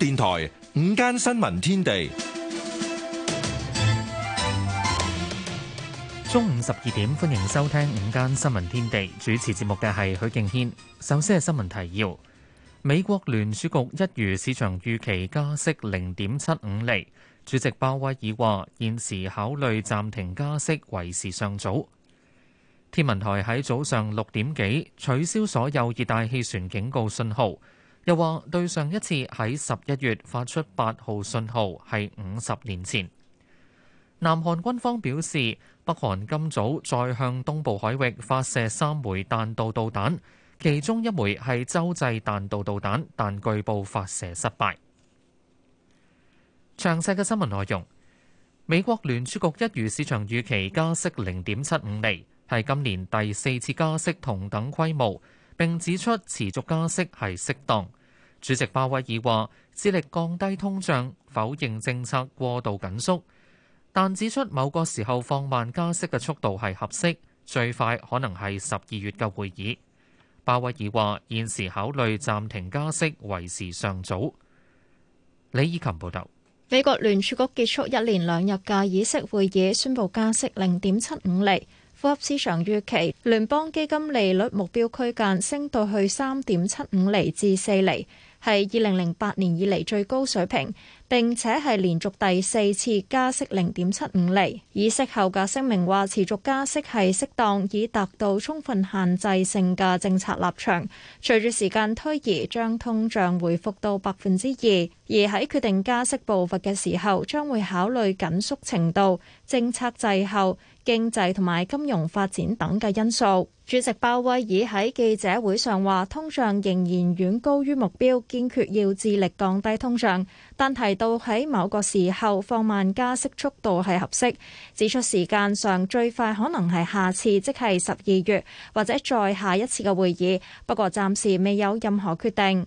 電台午間新聞天地，中午十二點，歡迎收聽午間新聞天地。主持節目嘅係許敬軒。首先係新聞提要：美國聯儲局一如市場預期加息零點七五厘。主席鮑威爾話，現時考慮暫停加息為時尚早。天文台喺早上六點幾取消所有熱帶氣旋警告信號。又話對上一次喺十一月發出八號信號係五十年前。南韓軍方表示，北韓今早再向東部海域發射三枚彈道導彈，其中一枚係洲際彈道導彈，但據報發射失敗。詳細嘅新聞內容，美國聯儲局一如市場預期加息零點七五厘，係今年第四次加息同等規模。並指出持續加息係適當。主席鮑威爾話致力降低通脹，否認政策過度緊縮，但指出某個時候放慢加息嘅速度係合適，最快可能係十二月嘅會議。鮑威爾話現時考慮暫停加息為時尚早。李以琴報道，美國聯儲局結束一連兩日嘅議息會議，宣布加息零點七五厘。符合市場預期，聯邦基金利率目標區間升到去三點七五釐至四釐，係二零零八年以嚟最高水平，並且係連續第四次加息零點七五釐。議息後嘅聲明話，持續加息係適當，以達到充分限制性嘅政策立場。隨住時間推移，將通脹回復到百分之二，而喺決定加息步伐嘅時候，將會考慮緊縮程度、政策滯後、經濟同埋金融發展等嘅因素。主席鮑威爾喺記者會上話，通脹仍然遠高於目標，堅決要致力降低通脹，但提到喺某個時候放慢加息速度係合適，指出時間上最快可能係下次，即係十二月或者再下一次嘅會議，不過暫時未有任何決定。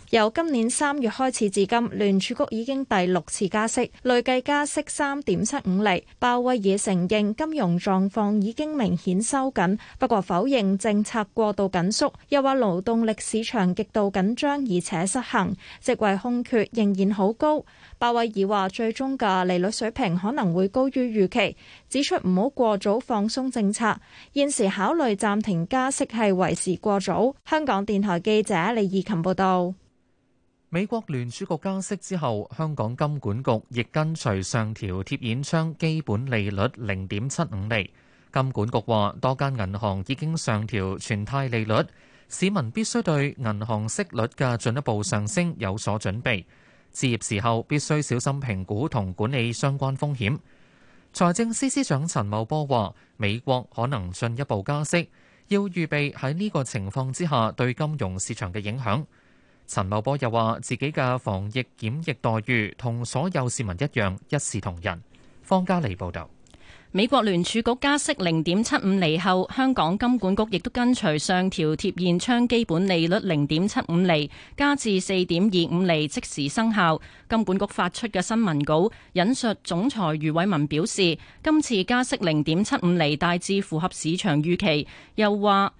由今年三月開始至今，聯儲局已經第六次加息，累計加息三點七五厘。鮑威爾承認金融狀況已經明顯收緊，不過否認政策過度緊縮，又話勞動力市場極度緊張，而且失衡，職位空缺仍然好高。鮑威爾話：最終嘅利率水平可能會高於預期，指出唔好過早放鬆政策。現時考慮暫停加息係為時過早。香港電台記者李義琴報道。美國聯儲局加息之後,香港金管局亦跟隨上調貼現窗基本利率0.75厘,金管局話多間銀行已經上調存貸利率,市民必須對銀行息率嘅進一步上升有所準備,置業時候必須小心評估同管理相關風險。厘金管局話多間銀行已經上調存貸利率市民必須對銀行息率嘅進一步上升有所準備置業時候必須小心評估同管理相關風險陳茂波又話：自己嘅防疫檢疫待遇同所有市民一樣，一視同仁。方家莉報道。美國聯儲局加息零點七五厘後，香港金管局亦都跟隨上調貼現窗基本利率零點七五厘，加至四點二五厘，即時生效。金管局發出嘅新聞稿引述總裁余偉文表示：今次加息零點七五厘大致符合市場預期，又話。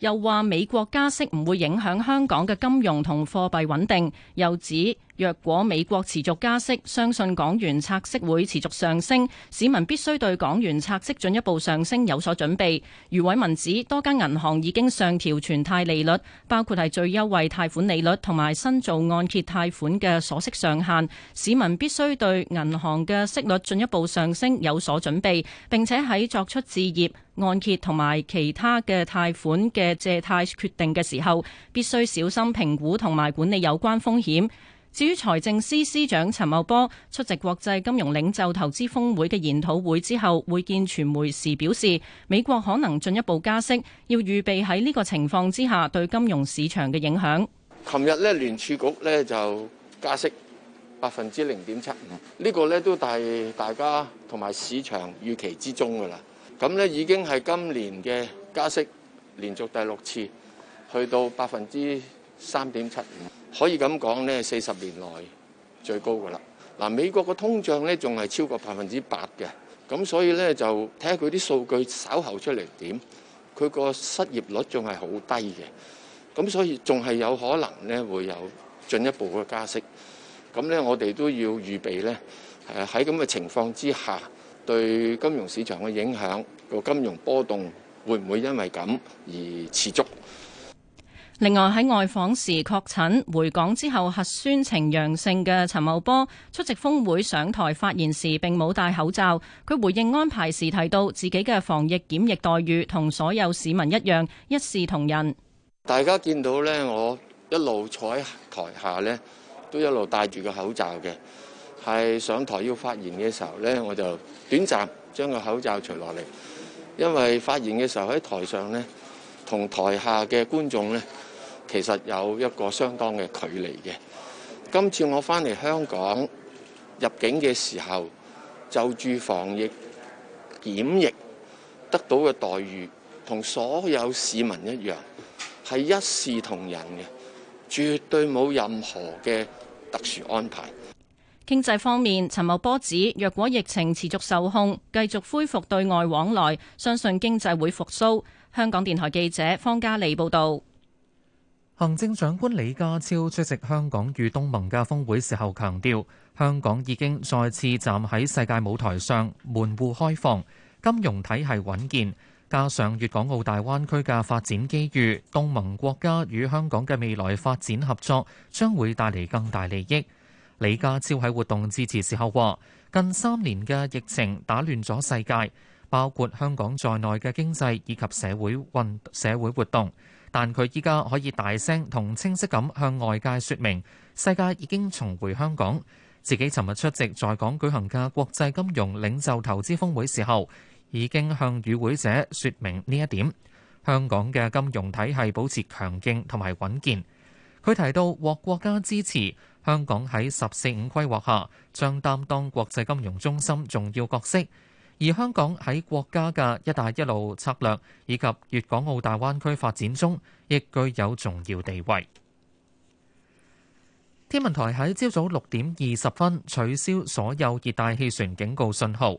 又話美國加息唔會影響香港嘅金融同貨幣穩定，又指，若果美國持續加息，相信港元拆息會持續上升，市民必須對港元拆息進一步上升有所準備。余偉文指，多間銀行已經上調存貸利率，包括係最優惠貸款利率同埋新造按揭貸款嘅鎖息上限。市民必須對銀行嘅息率進一步上升有所準備。並且喺作出置業、按揭同埋其他嘅貸款嘅借貸決定嘅時候，必須小心評估同埋管理有關風險。至於財政司司長陳茂波出席國際金融領袖投資峰會嘅研討會之後會見傳媒時表示，美國可能進一步加息，要預備喺呢個情況之下對金融市場嘅影響。琴日咧聯儲局咧就加息百分之零點七五，這個、呢個咧都係大家同埋市場預期之中噶啦。咁咧已經係今年嘅加息連續第六次，去到百分之三點七五。可以咁講呢，四十年內最高噶啦。嗱，美國個通脹呢仲係超過百分之八嘅，咁所以呢就睇下佢啲數據稍後出嚟點。佢個失業率仲係好低嘅，咁所以仲係有可能呢會有進一步嘅加息。咁呢我哋都要預備呢，誒喺咁嘅情況之下，對金融市場嘅影響，個金融波動會唔會因為咁而持續？另外喺外訪時確診、回港之後核酸呈陽性嘅陳茂波出席峰會上台發言時並冇戴口罩。佢回應安排時提到，自己嘅防疫檢疫待遇同所有市民一樣，一視同仁。大家見到呢，我一路坐喺台下呢，都一路戴住個口罩嘅。係上台要發言嘅時候呢，我就短暫將個口罩除落嚟，因為發言嘅時候喺台上呢，同台下嘅觀眾呢。其實有一個相當嘅距離嘅。今次我返嚟香港入境嘅時候，就住防疫檢疫得到嘅待遇，同所有市民一樣，係一視同仁嘅，絕對冇任何嘅特殊安排。經濟方面，陳茂波指，若果疫情持續受控，繼續恢復對外往來，相信經濟會復甦。香港電台記者方嘉莉報道。行政長官李家超出席香港與東盟嘅峰會時候，強調，強調香港已經再次站喺世界舞台上，門戶開放，金融體系穩健，加上粵港澳大灣區嘅發展機遇，東盟國家與香港嘅未來發展合作將會帶嚟更大利益。李家超喺活動致辭時候話：近三年嘅疫情打亂咗世界，包括香港在內嘅經濟以及社會運社會活動。但佢依家可以大聲同清晰咁向外界說明，世界已經重回香港。自己尋日出席在港舉行嘅國際金融領袖投資峰會時候，已經向與會者說明呢一點，香港嘅金融體系保持強勁同埋穩健。佢提到獲國家支持，香港喺十四五規劃下將擔當國際金融中心重要角色。而香港喺國家嘅“一帶一路”策略以及粵港澳大灣區發展中，亦具有重要地位。天文台喺朝早六點二十分取消所有熱帶氣旋警告信號，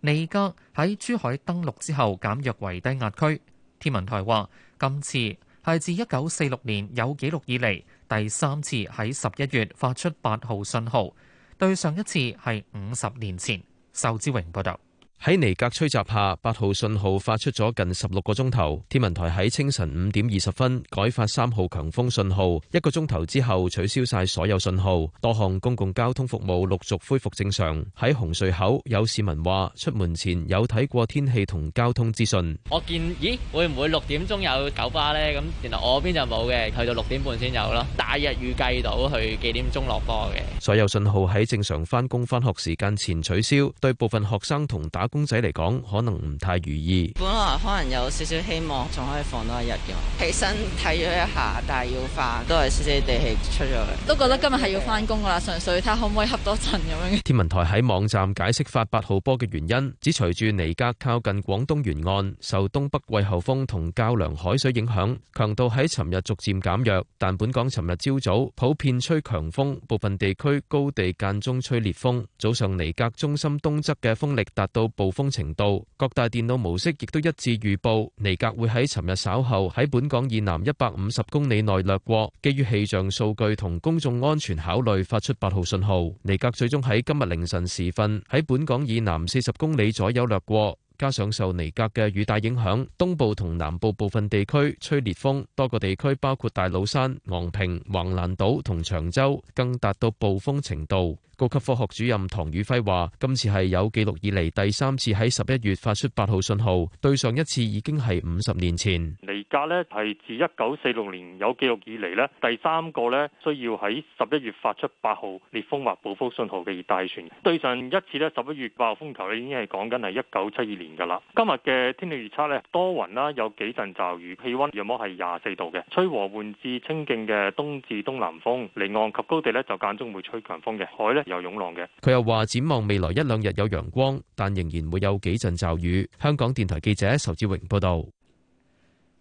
尼格喺珠海登陸之後減弱為低壓區。天文台話：今次係自一九四六年有記錄以嚟第三次喺十一月發出八號信號，對上一次係五十年前。仇之榮報道。喺尼格吹襲下，八號信號發出咗近十六個鐘頭。天文台喺清晨五點二十分改發三號強風信號，一個鐘頭之後取消晒所有信號。多項公共交通服務陸續恢復正常。喺紅隧口有市民話，出門前有睇過天氣同交通資訊。我見咦，會唔會六點鐘有九巴呢？咁原來我邊就冇嘅，去到六點半先有咯。大約預計到去幾點鐘落波嘅？所有信號喺正常翻工翻學時間前取消，對部分學生同打公仔嚟講可能唔太如意，本來可能有少少希望仲可以放多一日嘅，起身睇咗一下，但係要翻都係少少地氣出咗，都覺得今日係要翻工噶啦，純粹睇下可唔可以恰多陣咁樣。天文台喺網站解釋發八號波嘅原因，指隨住尼格靠近廣東沿岸，受東北季候風同較涼海水影響，強度喺尋日逐漸減弱，但本港尋日朝早，早普遍吹強風，部分地區高地間中吹，吹烈風，早上尼格中心東側嘅風力達到。暴風程度，各大電腦模式亦都一致預報尼格會喺尋日稍後喺本港以南一百五十公里內掠過，基於氣象數據同公眾安全考慮，發出八號信號。尼格最終喺今日凌晨時分喺本港以南四十公里左右掠過。加上受尼格嘅雨帶影響，東部同南部部分地區吹烈風，多個地區包括大老山、昂坪、橫瀾島同長洲，更達到暴風程度。高級科學主任唐宇輝話，今次係有記錄以嚟第三次喺十一月發出八號信號，對上一次已經係五十年前。價咧係自一九四六年有記錄以嚟咧，第三個咧需要喺十一月發出八號烈風或暴風信號嘅熱帶氣旋。對上一次咧十一月八號風球咧已經係講緊係一九七二年㗎啦。今日嘅天氣預測咧多雲啦，有幾陣驟雨，氣温約莫係廿四度嘅，吹和緩至清勁嘅東至東南風，離岸及高地咧就間中會吹強風嘅，海咧有湧浪嘅。佢又話展望未來一兩日有陽光，但仍然會有幾陣驟雨。香港電台記者仇志榮報道。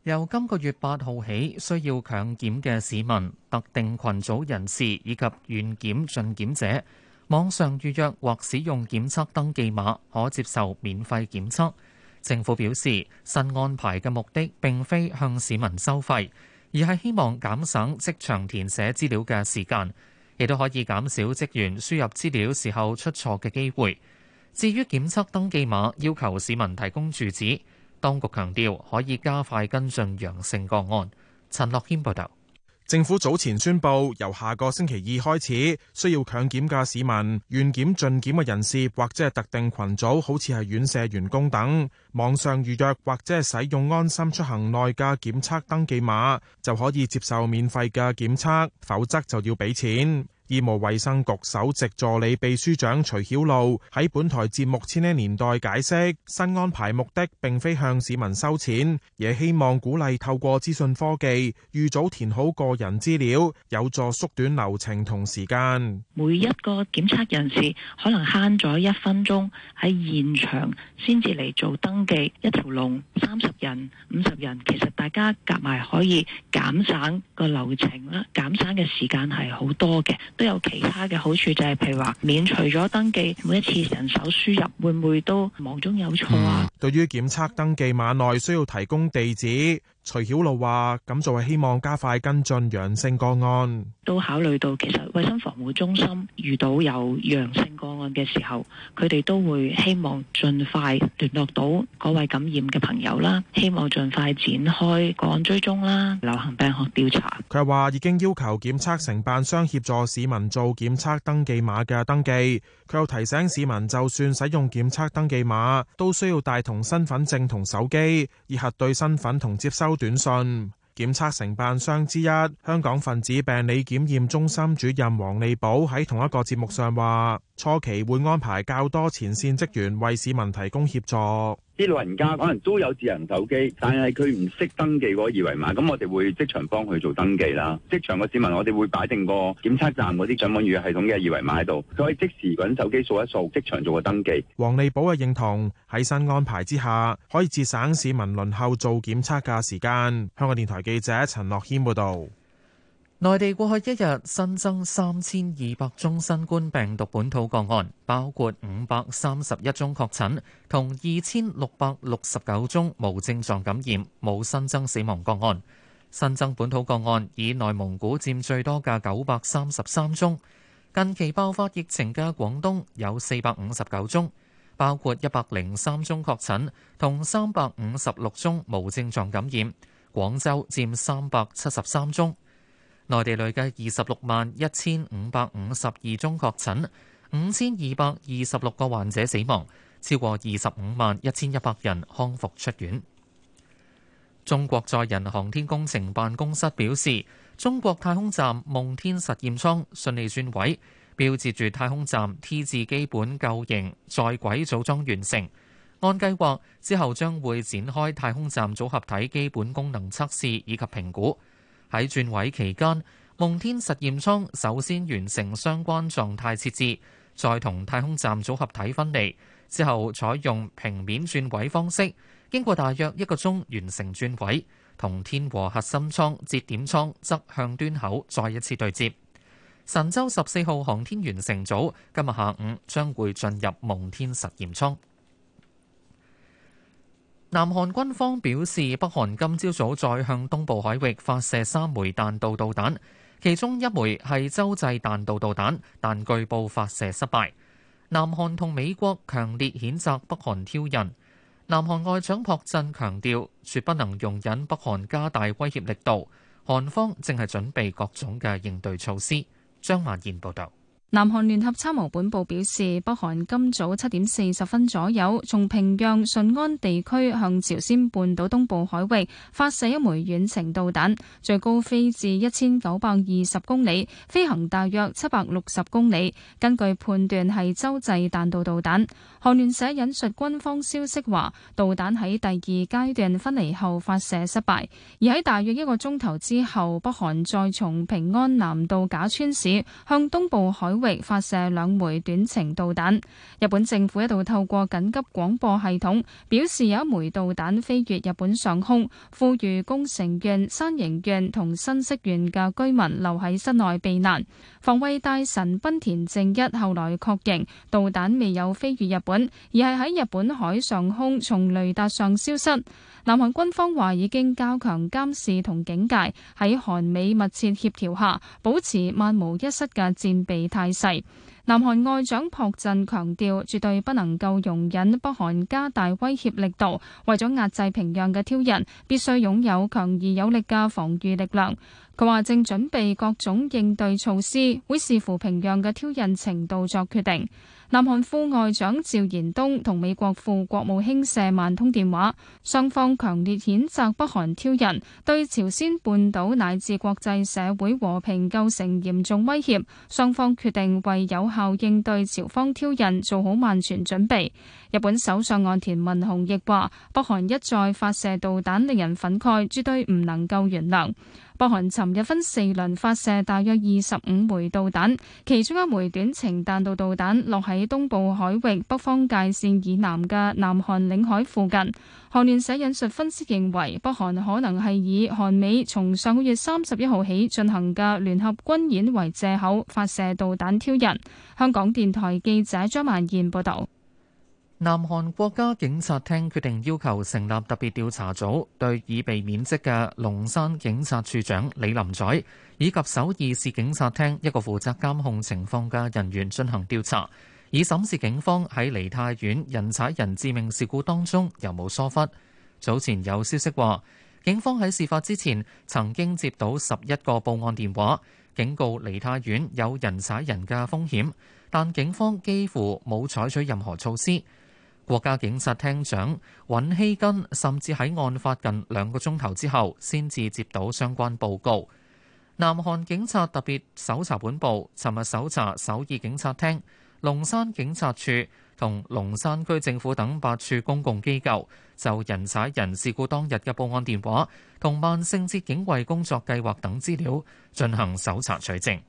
由今個月八號起，需要強檢嘅市民、特定群組人士以及願檢盡檢者，網上預約或使用檢測登記碼，可接受免費檢測。政府表示，新安排嘅目的並非向市民收費，而係希望減省職場填寫資料嘅時間，亦都可以減少職員輸入資料時候出錯嘅機會。至於檢測登記碼，要求市民提供住址。當局強調可以加快跟進陽性個案。陳樂謙報道，政府早前宣佈，由下個星期二開始，需要強檢嘅市民、願檢盡檢嘅人士或者係特定群組，好似係院舍員工等，網上預約或者係使用安心出行內嘅檢測登記碼就可以接受免費嘅檢測，否則就要俾錢。醫務衛生局首席助理秘書長徐曉露喺本台節目《千禧年代》解釋，新安排目的並非向市民收錢，也希望鼓勵透過資訊科技，預早填好個人資料，有助縮短流程同時間。每一個檢測人士可能慳咗一分鐘喺現場先至嚟做登記，一條龍三十人、五十人，其實大家夾埋可以減省個流程啦，減省嘅時間係好多嘅。都有其他嘅好處，就係譬如話免除咗登記，每一次人手輸入，會唔會都忙中有錯啊？對於檢測登記碼內需要提供地址。徐曉露話：咁就係希望加快跟進陽性個案，都考慮到其實衛生防護中心遇到有陽性個案嘅時候，佢哋都會希望盡快聯絡到嗰位感染嘅朋友啦，希望盡快展開個案追蹤啦、流行病學調查。佢又話已經要求檢測承辦商協助市民做檢測登記碼嘅登記。佢又提醒市民，就算使用檢測登記碼，都需要帶同身份證同手機以核對身份同接收。短信檢測承辦商之一，香港分子病理檢驗中心主任王利寶喺同一個節目上話，初期會安排較多前線職員為市民提供協助。啲老人家可能都有智能手機，但係佢唔識登記嗰個二維碼，咁我哋會即場幫佢做登記啦。即場嘅市民，我哋會擺定個檢測站嗰啲上網預約系統嘅二維碼喺度，佢可以即時揾手機掃一掃，即場做個登記。黃利寶嘅認同喺新安排之下，可以節省市民輪候做檢測嘅時間。香港電台記者陳樂軒報導。內地過去一日新增三千二百宗新冠病毒本土個案，包括五百三十一宗確診，同二千六百六十九宗無症狀感染，冇新增死亡個案。新增本土個案以內蒙古佔最多嘅九百三十三宗，近期爆發疫情嘅廣東有四百五十九宗，包括一百零三宗確診，同三百五十六宗無症狀感染，廣州佔三百七十三宗。內地累計二十六萬一千五百五十二宗確診，五千二百二十六個患者死亡，超過二十五萬一千一百人康復出院。中國載人航天工程辦公室表示，中國太空站夢天實驗艙順利轉位，標誌住太空站 T 字基本構型在軌組裝完成。按計劃，之後將會展開太空站組合體基本功能測試以及評估。喺轉位期間，夢天實驗艙首先完成相關狀態設置，再同太空站組合體分離之後，採用平面轉位方式，經過大約一個鐘完成轉位，同天和核心艙節點艙側向端口再一次對接。神舟十四號航天員乘組今日下午將會進入夢天實驗艙。南韓軍方表示，北韓今朝早再向東部海域發射三枚彈道導彈，其中一枚係洲際彈道導彈，但據報發射失敗。南韓同美國強烈譴責北韓挑釁。南韓外長朴振強調，絕不能容忍北韓加大威脅力度。韓方正係準備各種嘅應對措施。張曼燕報道。南韓聯合參謀本部表示，北韓今早七點四十分左右，從平壤順安地區向朝鮮半島東部海域發射一枚遠程導彈，最高飛至一千九百二十公里，飛行大約七百六十公里。根據判斷係洲際彈道導彈。韓聯社引述軍方消息話，導彈喺第二階段分離後發射失敗，而喺大約一個鐘頭之後，北韓再從平安南道假川市向東部海域發射兩枚短程導彈。日本政府一度透過緊急廣播系統表示有一枚導彈飛越日本上空，呼籲宮城縣、山形縣同新潟縣嘅居民留喺室內避難。防衛大臣濱田正一後來確認，導彈未有飛越日本，而係喺日本海上空從雷達上消失。南韓軍方話已經加強監視同警戒，喺韓美密切協調下，保持萬無一失嘅戰備態局勢。南韓外長朴振強調，絕對不能夠容忍北韓加大威脅力度，為咗壓制平壤嘅挑釁，必須擁有強而有力嘅防禦力量。佢話正準備各種應對措施，會視乎平壤嘅挑釁程度作決定。南韓副外長趙延東同美國副國務卿舍曼通電話，雙方強烈譴責北韓挑釁，對朝鮮半島乃至國際社會和平構成嚴重威脅。雙方決定為有效應對朝方挑釁做好萬全準備。日本首相岸田文雄亦話：北韓一再發射導彈，令人憤慨，絕對唔能夠原諒。北韓尋日分四輪發射大約二十五枚導彈，其中一枚短程彈道導彈落喺東部海域，北方界線以南嘅南韓領海附近。韓聯社引述分析認為，北韓可能係以韓美從上個月三十一號起進行嘅聯合軍演為借口發射導彈挑釁。香港電台記者張曼燕報道。南韓國家警察廳決定要求成立特別調查組，對已被免職嘅龍山警察處長李林宰以及首爾市警察廳一個負責監控情況嘅人員進行調查，以審視警方喺梨泰院人踩人致命事故當中有冇疏忽。早前有消息話，警方喺事發之前曾經接到十一個報案電話，警告梨泰院有人踩人嘅風險，但警方幾乎冇採取任何措施。國家警察廳長尹希根甚至喺案發近兩個鐘頭之後，先至接到相關報告。南韓警察特別搜查本部尋日搜查首爾警察廳、龍山警察署同龍山區政府等八處公共機構，就人踩人事故當日嘅報案電話同萬聖節警衛工作計劃等資料進行搜查取證。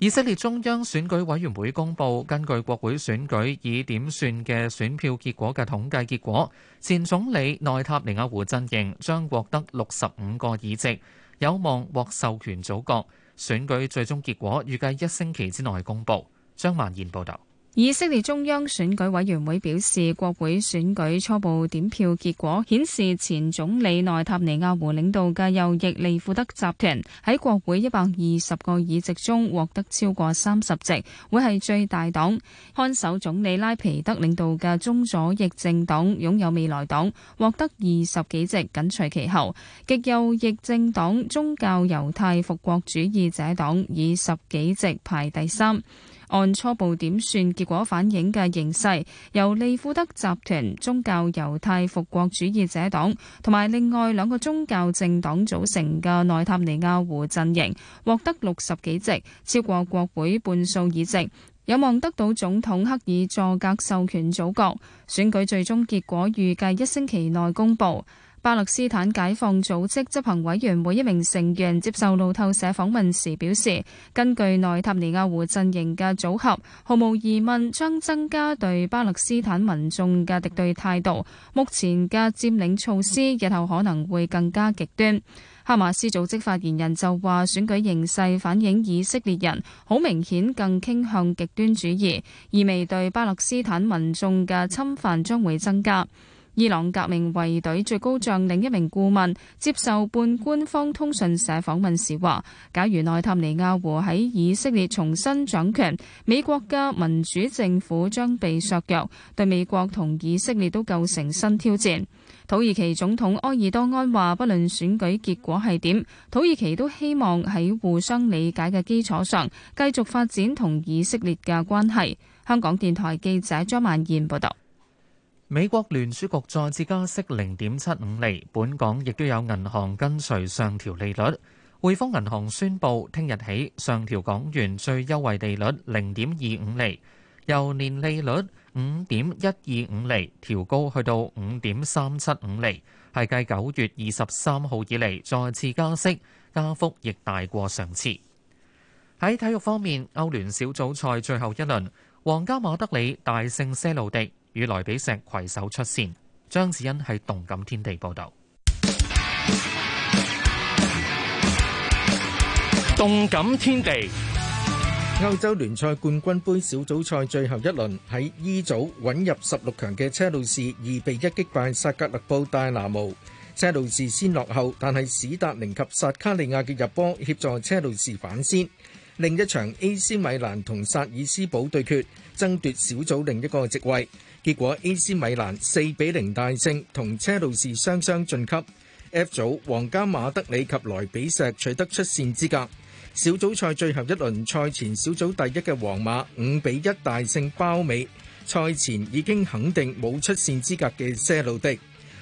以色列中央選舉委員會公布根據國會選舉以點算嘅選票結果嘅統計結果，前總理內塔尼亞胡陣營將獲得六十五個議席，有望獲授權組閣。選舉最終結果預計一星期之內公布，張曼賢報道。以色列中央選舉委員會表示，國會選舉初步點票結果顯示，前總理內塔尼亞胡領導嘅右翼利庫德集團喺國會一百二十個議席中獲得超過三十席，會係最大黨。看守總理拉皮德領導嘅中左翼政黨擁有未來黨獲得二十幾席，緊隨其後。極右翼政黨宗教猶太復國主義者黨以十幾席排第三。按初步點算結果反映嘅形勢，由利庫德集團、宗教猶太復國主義者黨同埋另外兩個宗教政黨組成嘅內塔尼亞胡陣營獲得六十幾席，超過國會半數議席，有望得到總統克爾佐格授權組閣。選舉最終結果預計一星期內公布。巴勒斯坦解放組織執行委員會一名成員接受路透社訪問時表示，根據內塔尼亞胡陣營嘅組合，毫無疑問將增加對巴勒斯坦民眾嘅敵對態度。目前嘅佔領措施，日後可能會更加極端。哈馬斯組織發言人就話，選舉形勢反映以色列人好明顯更傾向極端主義，意味對巴勒斯坦民眾嘅侵犯將會增加。伊朗革命衛隊最高將領一名顧問接受半官方通訊社訪問時話：假如內塔尼亞胡喺以色列重新掌權，美國嘅民主政府將被削弱，對美國同以色列都構成新挑戰。土耳其總統埃爾多安話：不論選舉結果係點，土耳其都希望喺互相理解嘅基礎上繼續發展同以色列嘅關係。香港電台記者張曼燕報道。美國聯儲局再次加息零點七五厘，本港亦都有銀行跟隨上調利率。匯豐銀行宣布聽日起上調港元最優惠利率零點二五厘，由年利率五點一二五厘調高去到五點三七五厘，係繼九月二十三號以嚟再次加息，加幅亦大過上次。喺體育方面，歐聯小組賽最後一輪，皇家馬德里大勝些路迪。與萊比錫携手出線。張子欣係動感天地報道。動感天地歐洲聯賽冠軍杯小組賽最後一輪喺 E 組穩入十六強嘅車路士，二比一擊敗薩格勒布戴拿姆。車路士先落後，但係史達寧及薩卡利亞嘅入波協助車路士反先。另一場 A.C. 米蘭同薩爾斯堡對決，爭奪小組另一個席位。結果，A.C. 米蘭四比零大勝，同車路士雙雙晉級。F 組皇家馬德里及萊比錫取得出線資格。小組賽最後一輪賽前小組第一嘅皇馬五比一大勝包尾，賽前已經肯定冇出線資格嘅些路迪。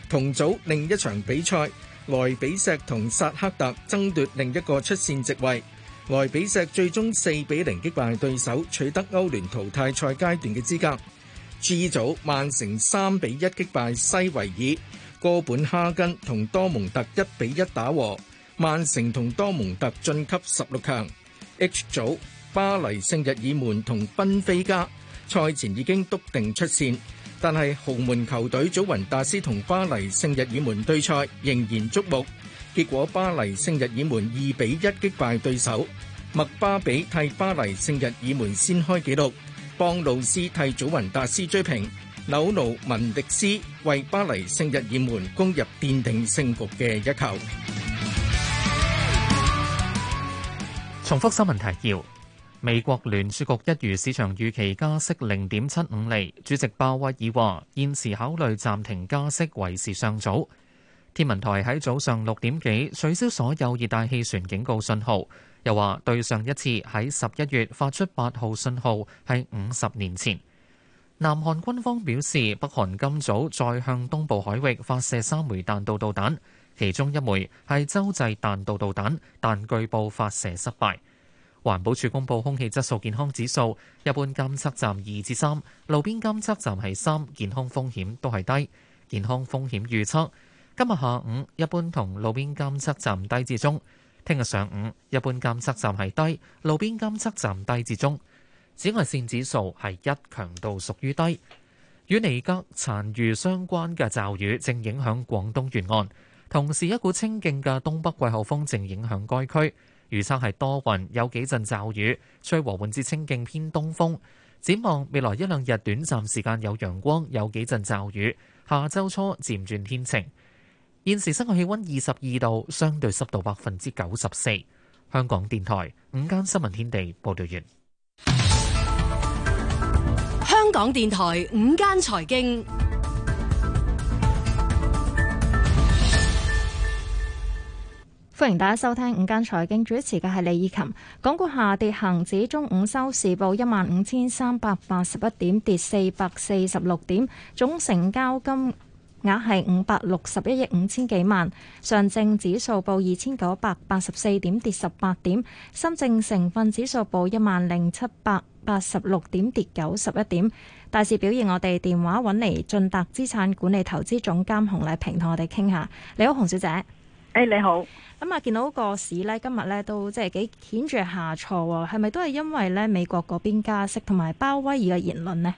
同組另一場比賽，萊比錫同薩克特爭奪另一個出線席位。萊比錫最終四比零擊敗對手，取得歐聯淘，淘汰賽階段嘅資格。G 組曼城3比1擊敗西維爾，哥本哈根同多蒙特1比1打和，曼城同多蒙特晉級16強。H 組巴黎聖日耳門同賓菲加賽前已經篤定出線，但係豪門球隊祖雲達斯同巴黎聖日耳門對賽仍然矚目，結果巴黎聖日耳門2比1擊敗對手，麥巴比替巴黎聖日耳門先開紀錄。幫路斯替祖雲達斯追平，紐奴文迪斯為巴黎聖日耳門攻入奠定勝局嘅一球。重複新聞提要：美國聯儲局一如市場預期加息零點七五厘，主席鮑威爾話現時考慮暫停加息為時尚早。天文台喺早上六點幾取消所有熱帶氣旋警告信號，又話對上一次喺十一月發出八號信號係五十年前。南韓軍方表示，北韓今早再向東部海域發射三枚彈道導彈，其中一枚係洲際彈道導彈，但據報發射失敗。環保署公布空氣質素健康指數，一般監測站二至三，路邊監測站係三，健康風險都係低。健康風險預測。今日下午，一般同路邊監測站低至中。聽日上午，一般監測站係低，路邊監測站低至中。紫外線指數係一強度，屬於低。與尼格殘餘相關嘅驟雨正影響廣東沿岸，同時一股清勁嘅東北季候風正影響該區。預測係多雲，有幾陣驟雨，吹和緩至清勁偏東風。展望未來一兩日，短暫時間有陽光，有幾陣驟雨。下周初漸轉天晴。現時室外氣溫二十二度，相對濕度百分之九十四。香港電台午間新聞天地報道完。香港電台午間財經，歡迎大家收聽午間財經，主持嘅係李以琴。港股下跌，恒指中午收市報一萬五千三百八十一點，跌四百四十六點，總成交金。額係五百六十一億五千幾萬，上證指數報二千九百八十四點，跌十八點，深證成分指數報一萬零七百八十六點，跌九十一點。大市表現，我哋電話揾嚟，進達資產管理投資總監洪麗平同我哋傾下。你好，洪小姐。誒，hey, 你好。咁啊，見到個市呢，今日呢都即係幾顯著下挫、哦，係咪都係因為呢美國嗰邊加息同埋鮑威爾嘅言論呢？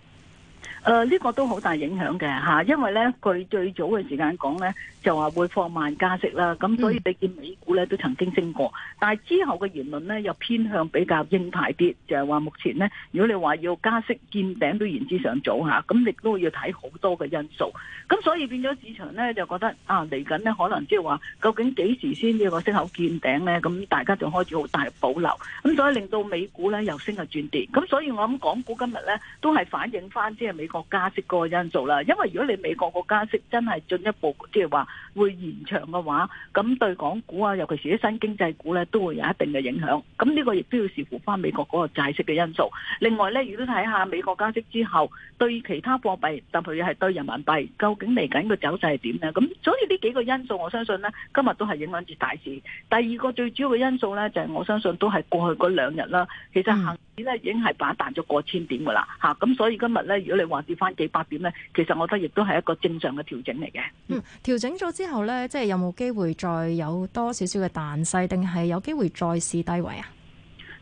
誒，呢、呃這個都好大影響嘅吓，啊，因為咧佢最早嘅時間講咧就話會放慢加息啦，咁所以你見美股咧都曾經升過，但係之後嘅言論咧又偏向比較鷹派啲，就係、是、話目前咧如果你話要加息見頂都言之尚早吓，咁、啊、亦都要睇好多嘅因素，咁所以變咗市場咧就覺得啊嚟緊咧可能即係話究竟幾時先呢個息口見頂咧，咁大家仲開始好大保留，咁所以令到美股咧又升啊轉跌，咁所以我諗港股今日咧都係反映翻即係美。個加息嗰個因素啦，因為如果你美國個加息真係進一步，即係話會延長嘅話，咁對港股啊，尤其是啲新經濟股咧，都會有一定嘅影響。咁呢個亦都要視乎翻美國嗰個債息嘅因素。另外咧，如果睇下美國加息之後，對其他貨幣，特別係對人民幣，究竟嚟緊個走勢係點咧？咁所以呢幾個因素，我相信咧，今日都係影響住大市。第二個最主要嘅因素咧，就係我相信都係過去嗰兩日啦，其實恒指咧已經係反彈咗過千點噶啦，吓咁所以今日咧，如果你話，跌翻幾百點咧，其實我覺得亦都係一個正常嘅調整嚟嘅。嗯，調整咗之後咧，即係有冇機會再有多少少嘅彈勢，定係有機會再試低位啊？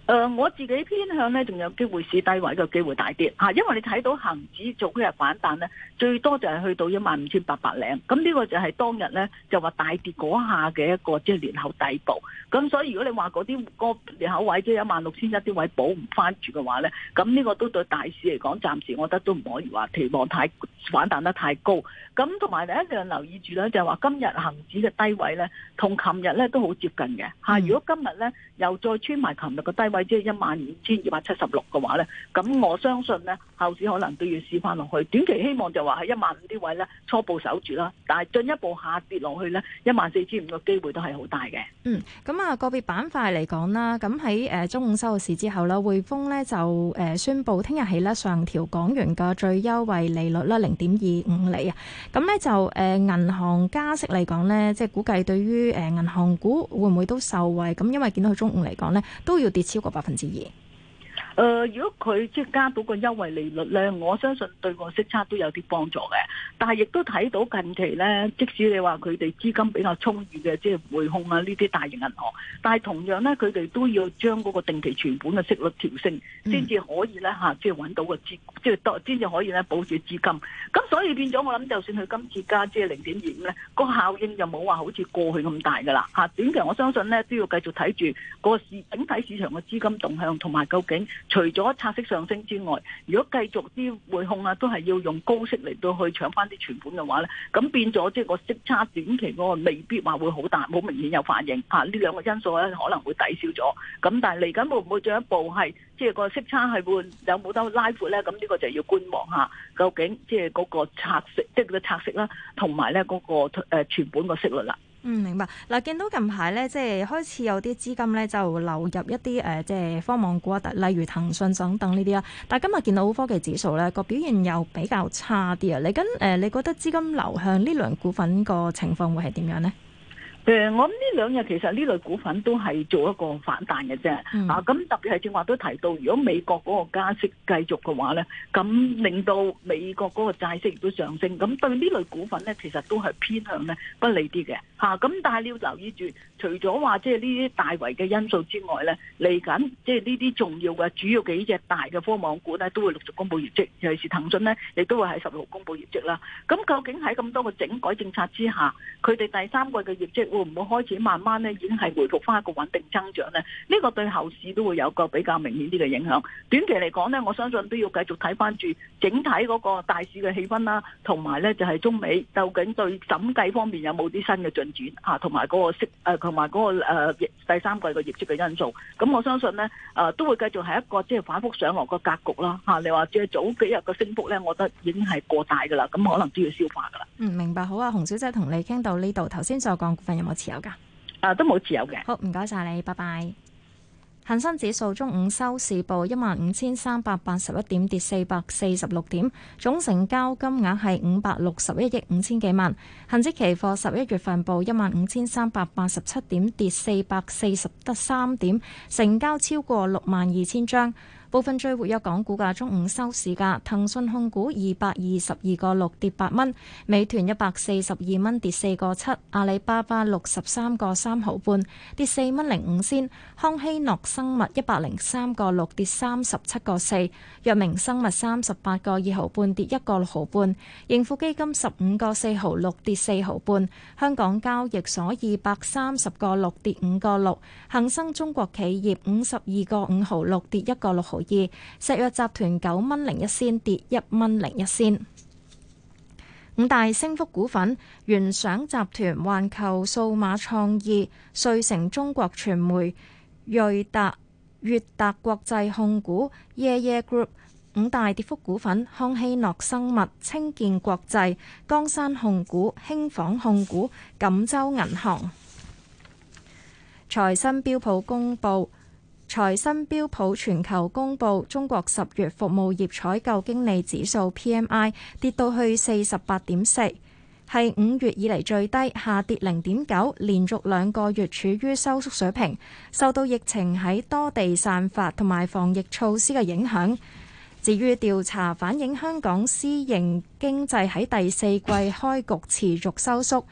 誒我自己偏向咧，仲有機會試低位嘅機會大跌嚇，因為你睇到恒指昨日反彈咧，最多就係去到一萬五千八百零，咁呢個就係當日咧就話大跌嗰下嘅一個即係年口底部。咁所以如果你話嗰啲嗰年口位即係一萬六千一啲位保唔翻住嘅話咧，咁呢個都對大市嚟講，暫時我覺得都唔可以話期望太反彈得太高。咁同埋另一樣留意住咧，就係話今日恒指嘅低位咧，同琴日咧都好接近嘅嚇。如果今日咧又再穿埋琴日嘅低位，即係一萬五千二百七十六嘅話咧，咁我相信呢，後市可能都要試翻落去，短期希望就話係一萬五啲位咧初步守住啦，但係進一步下跌落去呢，一萬四千五嘅機會都係好大嘅。嗯，咁啊個別板塊嚟講啦，咁喺誒中午收市之後呢，匯豐呢就誒宣布聽日起呢，上調港元嘅最優惠利率啦，零點二五厘啊。咁呢，就誒銀行加息嚟講呢，即係估計對於誒銀行股會唔會都受惠？咁因為見到佢中午嚟講呢，都要跌超。個百分之二。誒、呃，如果佢即係加到個優惠利率咧，我相信對個息差都有啲幫助嘅。但係亦都睇到近期咧，即使你話佢哋資金比較充裕嘅，即係匯控啊呢啲大型銀行，但係同樣咧，佢哋都要將嗰個定期存款嘅息率調升，先至可以咧吓、嗯啊，即係穩到個資，即係得，先至可以咧保住資金。咁所以變咗，我諗就算佢今次加即係零點二五咧，個效應，就冇話好似過去咁大噶啦。吓、啊。短期我相信咧都要繼續睇住個市整體市場嘅資金動向同埋究竟。除咗拆息上升之外，如果繼續啲匯控啊，都係要用高息嚟到去搶翻啲存款嘅話咧，咁變咗即係個息差短期嗰個未必話會好大，好明顯有反應啊！呢兩個因素咧可能會抵消咗，咁但係嚟緊會唔會進一步係即係個息差係會有冇得拉闊咧？咁呢個就要觀望下，究竟即係嗰個拆息，即係個拆息啦，同埋咧嗰個、呃、存款個息率啦。嗯，明白。嗱、啊，見到近排咧，即係開始有啲資金咧就流入一啲誒、呃，即係科網股啊，例如騰訊等等呢啲啊。但係今日見到科技指數咧個表現又比較差啲啊。你跟誒，你覺得資金流向呢兩股份個情況會係點樣咧？誒，我諗呢兩日其實呢類股份都係做一個反彈嘅啫，啊，咁特別係正話都提到，如果美國嗰個加息繼續嘅話咧，咁令到美國嗰個債息亦都上升，咁對呢類股份咧，其實都係偏向咧不利啲嘅，嚇、啊，咁但係你要留意住，除咗話即係呢啲大圍嘅因素之外咧，嚟緊即係呢啲重要嘅主要幾隻大嘅科網股咧，都會陸續公布業績，尤其是騰訊咧，亦都會喺十六公布業績啦。咁究竟喺咁多個整改政策之下，佢哋第三季嘅業績？會唔會開始慢慢咧，已經係回復翻一個穩定增長咧？呢、這個對後市都會有個比較明顯啲嘅影響。短期嚟講咧，我相信都要繼續睇翻住整體嗰個大市嘅氣氛啦，同埋咧就係、是、中美究竟對審計方面有冇啲新嘅進展啊？同埋嗰個息誒、同、啊、埋、那個誒、啊、第三季嘅業績嘅因素。咁我相信咧誒、啊，都會繼續係一個即係反覆上落嘅格局啦。吓、啊，你話即係早幾日嘅升幅咧，我覺得已經係過大噶啦，咁可能都要消化噶啦。嗯，明白。好啊，洪小姐同你傾到呢度，頭先再講股份。我持有噶，啊都冇持有嘅。好，唔該晒你，拜拜。恒生指數中午收市報一萬五千三百八十一點，跌四百四十六點，總成交金額係五百六十一億五千幾萬。恒指期貨十一月份報一萬五千三百八十七點，跌四百四十得三點，成交超過六萬二千張。部分最活躍港股嘅中午收市價：騰訊控股二百二十二個六跌八蚊，美團一百四十二蚊跌四個七，阿里巴巴六十三個三毫半跌四蚊零五仙，康希諾生物一百零三個六跌三十七個四，藥明生物三十八個二毫半跌一個六毫半，盈富基金十五個四毫六跌四毫半，香港交易所二百三十個六跌五個六，恒生中國企業五十二個五毫六跌一個六毫。二石藥集團九蚊零一仙跌一蚊零一仙。五大升幅股份：元想集團、環球數碼創意、瑞誠中國傳媒、瑞達越達國際控股、夜夜 group。五大跌幅股份：康希諾生物、青建國際、江山控股、興紡控股、錦州銀行。財新標普公佈。財新標普全球公布中國十月服務業採購經理指數 PMI 跌到去四十八點四，係五月以嚟最低，下跌零點九，連續兩個月處於收縮水平，受到疫情喺多地散發同埋防疫措施嘅影響。至於調查反映香港私營經濟喺第四季開局持續收縮。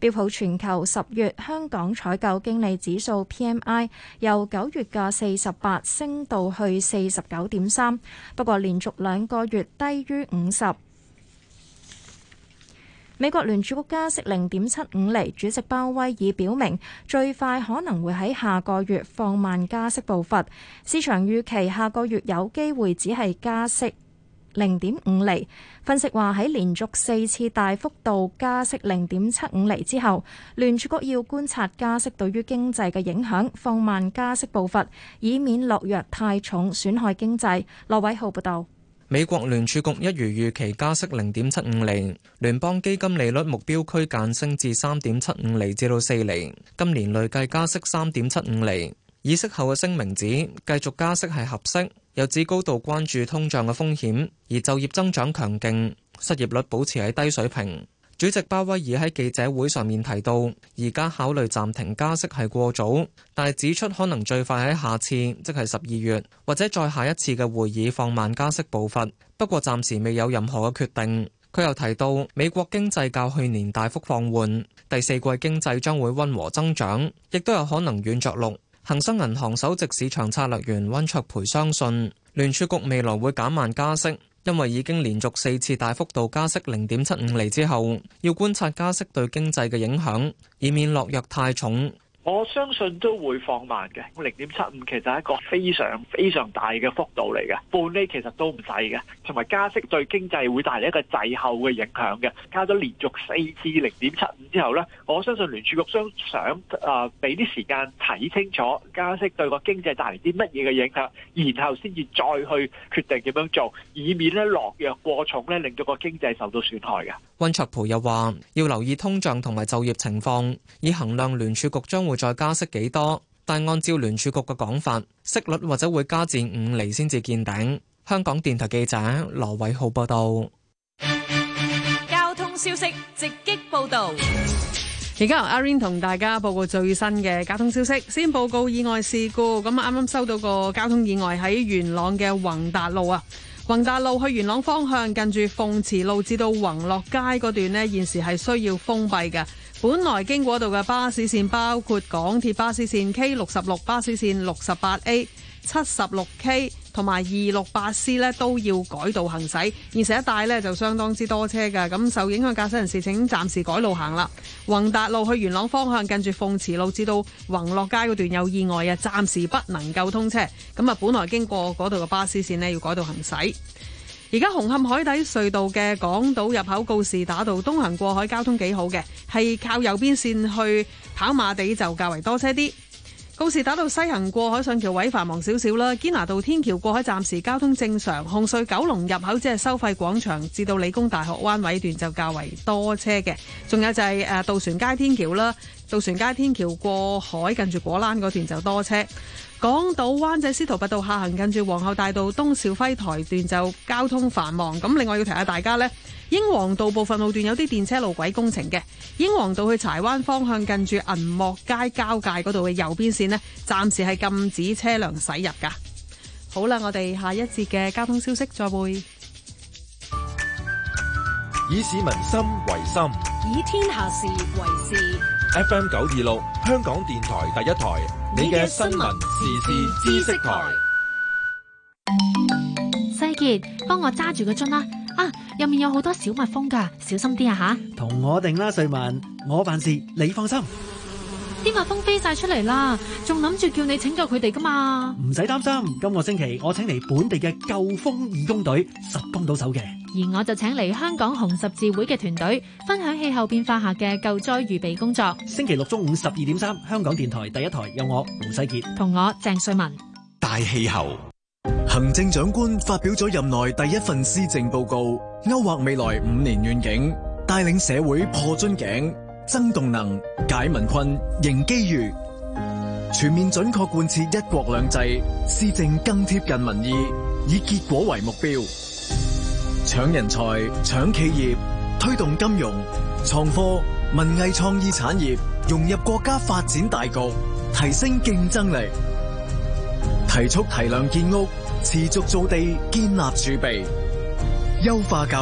標普全球十月香港採購經理指數 PMI 由九月嘅四十八升到去四十九點三，不過連續兩個月低於五十。美國聯儲局加息零點七五厘，主席鮑威爾表明最快可能會喺下個月放慢加息步伐，市場預期下個月有機會只係加息。零點五厘。分析話喺連續四次大幅度加息零點七五厘之後，聯儲局要觀察加息對於經濟嘅影響，放慢加息步伐，以免落藥太重損害經濟。羅偉浩報導，美國聯儲局一如預期加息零點七五厘，聯邦基金利率目標區間升至三點七五厘至到四厘。今年累計加息三點七五厘。議息後嘅聲明指，繼續加息係合適。又指高度關注通脹嘅風險，而就業增長強勁，失業率保持喺低水平。主席鮑威爾喺記者會上面提到，而家考慮暫停加息係過早，但係指出可能最快喺下次，即係十二月或者再下一次嘅會議放慢加息步伐。不過暫時未有任何嘅決定。佢又提到美國經濟較去年大幅放緩，第四季經濟將會温和增長，亦都有可能軟着陸。恒生銀行首席市場策略員温卓培相信聯儲局未來會減慢加息，因為已經連續四次大幅度加息零點七五厘之後，要觀察加息對經濟嘅影響，以免落藥太重。我相信都會放慢嘅，零點七五其實係一個非常非常大嘅幅度嚟嘅，半厘其實都唔細嘅，同埋加息對經濟會帶嚟一個滯後嘅影響嘅。加咗連續四次零點七五之後咧，我相信聯儲局將想誒俾啲時間睇清楚加息對個經濟帶嚟啲乜嘢嘅影響，然後先至再去決定點樣做，以免咧落藥過重咧令到個經濟受到損害嘅。温卓培又話，要留意通脹同埋就業情況，以衡量聯儲局將。會再加息幾多？但按照聯儲局嘅講法，息率或者會加至五厘先至見頂。香港電台記者羅偉浩報道。交通消息直擊報道，而家由阿 Rain 同大家報告最新嘅交通消息。先報告意外事故，咁啊，啱啱收到個交通意外喺元朗嘅宏達路啊，宏達路去元朗方向近住鳳池路至到宏樂街嗰段呢，現時係需要封閉嘅。本來經過度嘅巴士線包括港鐵巴士線 K 六十六、巴士線六十八 A、七十六 K 同埋二六八 C 咧都要改道行駛，現時一帶咧就相當之多車噶，咁受影響駕駛人士請暫時改路行啦。宏達路去元朗方向，近住鳳池路至到宏樂街嗰段有意外啊，暫時不能夠通車。咁啊，本來經過嗰度嘅巴士線呢要改道行駛。而家紅磡海底隧道嘅港島入口，告士打道東行過海交通幾好嘅，係靠右邊線去跑馬地就較為多車啲。告士打道西行過海上橋位繁忙少少啦。堅拿道天橋過海暫時交通正常。紅隧九龍入口，只係收費廣場至到理工大學灣位段就較為多車嘅。仲有就係、是、誒、啊、渡船街天橋啦，渡船街天橋過海近住果欄嗰段就多車。港島灣仔司徒拔道下行近住皇后大道東兆輝台段就交通繁忙。咁另外要提下大家呢，英皇道部分路段有啲電車路軌工程嘅，英皇道去柴灣方向近住銀幕街交界嗰度嘅右邊線呢，暫時係禁止車輛駛入噶。好啦，我哋下一節嘅交通消息再會，以市民心為心，以天下事為事。FM 九二六，香港電台第一台，你嘅新聞時事知識台。世杰，幫我揸住個樽啦，啊，入面有好多小蜜蜂噶，小心啲啊吓。同我定啦，瑞文，我辦事，你放心。啲蜜蜂飛晒出嚟啦，仲諗住叫你拯救佢哋噶嘛？唔使擔心，今個星期我請嚟本地嘅救蜂義工隊，實幫到手嘅。而我就請嚟香港紅十字會嘅團隊，分享氣候變化下嘅救災預備工作。星期六中午十二點三，香港電台第一台有我胡世杰，同我鄭瑞文。大氣候，行政長官發表咗任內第一份施政報告，勾畫未來五年願景，帶領社會破樽頸，增動能，解民困，迎機遇，全面準確貫徹一國兩制，施政更貼近民意，以結果為目標，搶人才、搶企業，推動金融、創科、文藝創意產業融入國家發展大局，提升競爭力，提速提量建屋，持續造地，建立儲備，優化